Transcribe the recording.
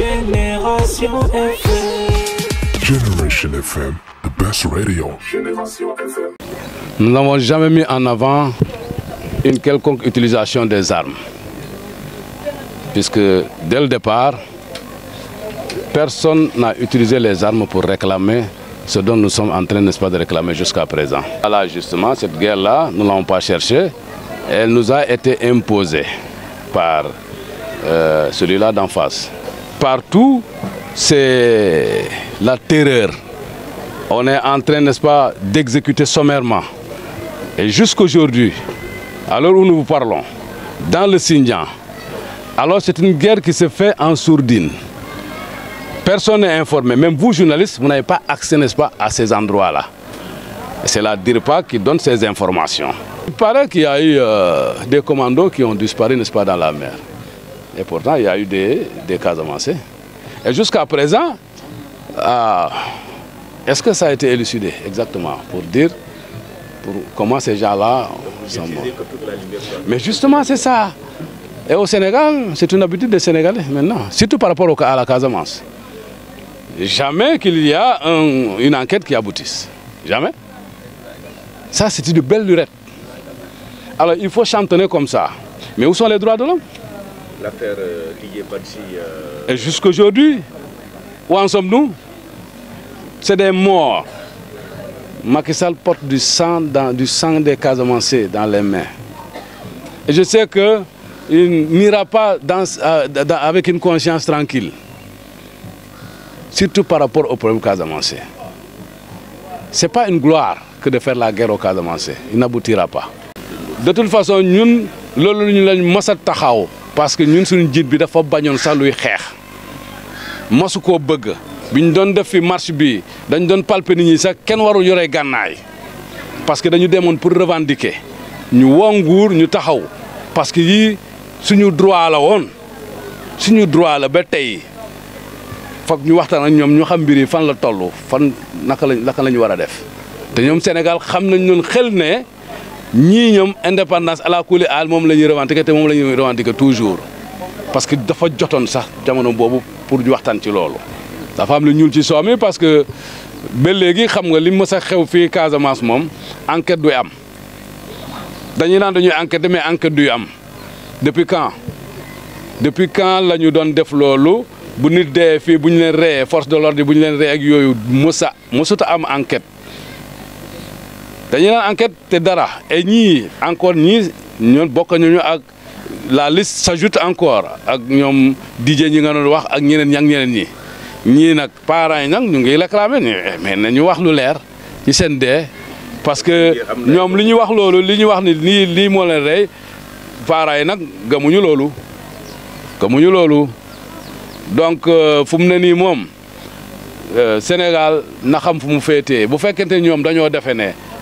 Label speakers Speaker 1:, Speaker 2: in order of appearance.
Speaker 1: Génération FM. Generation FM, best radio. Nous n'avons jamais mis en avant une quelconque utilisation des armes. Puisque dès le départ, personne n'a utilisé les armes pour réclamer ce dont nous sommes en train, n'est-ce pas, de réclamer jusqu'à présent. Voilà, ah justement, cette guerre-là, nous ne l'avons pas cherchée. Elle nous a été imposée par euh, celui-là d'en face partout, c'est la terreur. On est en train, n'est-ce pas, d'exécuter sommairement. Et jusqu'aujourd'hui, l'heure où nous vous parlons, dans le Xinjiang, alors c'est une guerre qui se fait en sourdine. Personne n'est informé. Même vous, journalistes, vous n'avez pas accès, n'est-ce pas, à ces endroits-là. C'est la DIRPA qui donne ces informations. Il paraît qu'il y a eu euh, des commandos qui ont disparu, n'est-ce pas, dans la mer. Et pourtant, il y a eu des, des cas avancés. Et jusqu'à présent, ah, est-ce que ça a été élucidé exactement pour dire pour comment ces gens-là sont morts Mais justement, c'est ça. Et au Sénégal, c'est une habitude des Sénégalais maintenant, surtout par rapport au, à la Casamance. Jamais qu'il y a une enquête qui aboutisse. Jamais. Ça, c'est une belle lurette. Alors, il faut chantonner comme ça. Mais où sont les droits de l'homme l'affaire euh, euh... Et jusqu'aujourd'hui, où en sommes-nous C'est des morts. Macky porte du sang, dans, du sang des casamancés dans les mains. Et je sais qu'il n'ira pas euh, avec une conscience tranquille. Surtout par rapport au problème casamancé. Ce n'est pas une gloire que de faire la guerre au casamancé. Il n'aboutira pas. De toute façon, nous, nous, nous, nous, nous, parce que ñun suñu jitt bi dafa bañon sa luy xex masu koo bëgg biñ doon def fi marche bi dañ doon palper nit ñi sax kenn waru yore gannaay parce que dañu demoon pour revendiquer ñu woo nguur ñu taxaw parce que yi suñu droit la won suñu droit la ba tay fakk ñu waxtaan ak ñom ñu xam fan la tollu fan naka lañ naka lañ wara def te ñom Sénégal xam nañ ñun xel ne ñi ñom indépendance ala kuli al mom la ñuy revendiquer te mom la ñuy revendiquer toujours parce que dafa jotone sax jamono bobu pour di waxtan ci lolu dafa am lu ñul ci soomi parce que ba léegi xam nga li mës a xew fi Casamance mom enquête du am dañuy nan dañuy enquête mais enquête du am depuis quand depuis quand la nyudon def lolu bu nit dé fi bu leen force de l'ordre bu ñu leen reyee ak yoyu mësa mësuta am enquête dañuy naan enquête te dara et ñii encore ñii ñoon bokk ñu ak la liste s'ajoute encore ak ñoom DJ ñi nga doon wax ak ñeneen ñak ñeneen ñi ñii nag parents yi nag ñu ngi réclamé ñu eh, mais nañu wax lu leer ci seen dee parce que ñoom li ñu wax loolu li ñu wax ni lii lii moo leen rey parents yi nag gëmuñu loolu gëmuñu loolu donc euh, fu mu ne nii moom euh, sénégal na xam fu mu féetee bu fekkente ñoom dañoo defe ne